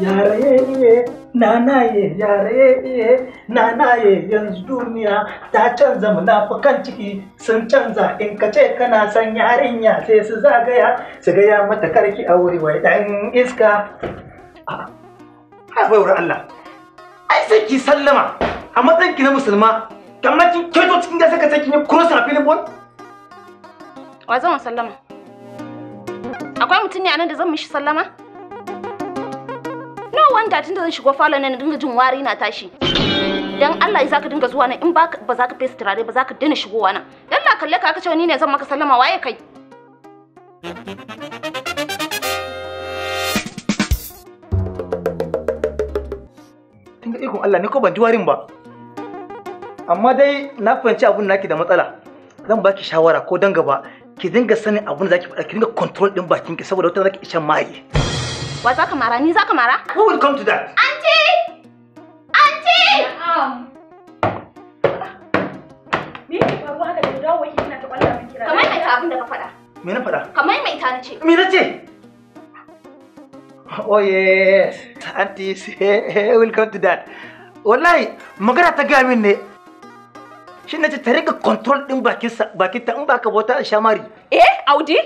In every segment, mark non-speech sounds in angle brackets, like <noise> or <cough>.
yare na yare ye yanzu duniya ta canza munafukan ciki sun canza in ka ce kana son yarinya sai su zagaya su gaya mata karki a wuri wai dan iska ha bai wurin Allah ai sai ki sallama a matsayin ki na musulma kamar kin kyoto cikin gasa ka sai kin yi cross a filin ball wa zan sallama akwai mutum ne anan da zan mishi sallama wanda tun da zan shigo ne na dinga jin wari na tashi dan Allah za ka dinga zuwa nan in ba za ka fesa turare ba za ka daina shigowa nan dan la kalle ka ka ce ni ne zan maka sallama waye kai Kin ga ikon Allah ne ko ban ji warin ba amma dai na fahimci abun naki da matsala zan baki shawara ko dan gaba ki dinga sanin abun da zaki faɗa ki dinga control din bakin ki saboda wata zaki isha mai Wa za ka mara? Ni za ka mara? Who will come to that? Aunty! Aunty! Me Kamar mai ta abin da ka faɗa. Me na faɗa? Kamar mai ta nace. Me nace? Oh yes, auntie <laughs> will come to that. Wallahi magana ta gaya min ne shi na ce ta rika control din bakinta in baka bauta a shamari. Eh, Audi?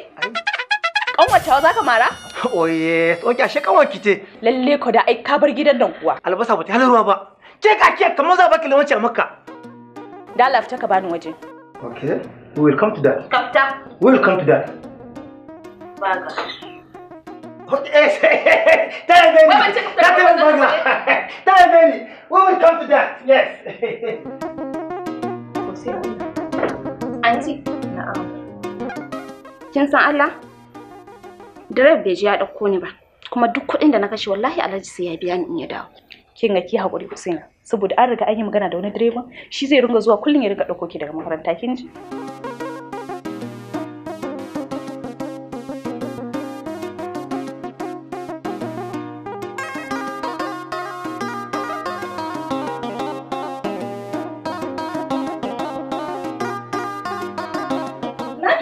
Kanwacewa za ka mara? Oye, tsoki ashe kanwar ki ce. Lalle ko da ai ka bar gidan nan kuwa. Albasa bata halar ruwa ba. Ke ka ke kamar za baki lamunci a Makka. Da lafta ka bani waje. Okay, we will come to that. Kafta. We will come to that. Baga. Eh, <laughs> tell me. Tell me. <laughs> Tell me. We will come to that. Yes. Auntie. Na'am. Kin san Allah? direb bai je ya ɗauko ni ba kuma duk kuɗin da na kashe wallahi alhaji sai ya biya ni in ya dawo kin ga ki hakuri Husaina saboda an riga an yi magana da wani direban shi zai ringa zuwa kullum ya ringa ɗauko ki daga makaranta kin ji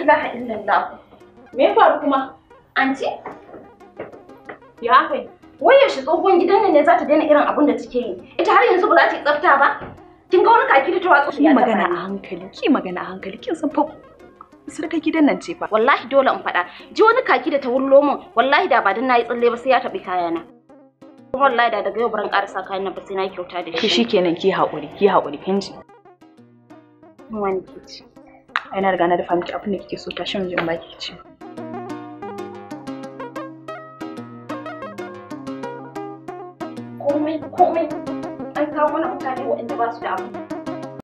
ilaha illallah. Me ya faru kuma? Anti? Ya haka waye shi tsohon gidan nan ne za ta daina irin abin da take yi. Ita har yanzu ba za ta yi tsafta ba. Kin ga wani kaki da ta watsa shi magana a hankali, ki magana a hankali, kin san fa sarka gidan nan ce fa. Wallahi dole in faɗa. Ji wani kaki da ta wullo min, wallahi da ba dan nayi tsalle ba sai ya taɓi kayana. Wallahi da daga yau barin sa kayan nan ba sai na kyauta da shi. Ki shikenan ki haƙuri, ki haƙuri kin ji. Wani kici. Ai na riga na da miki abin da kike so mun jin baki ci. komai komai an kawo mana mutane waɗanda ba su da abu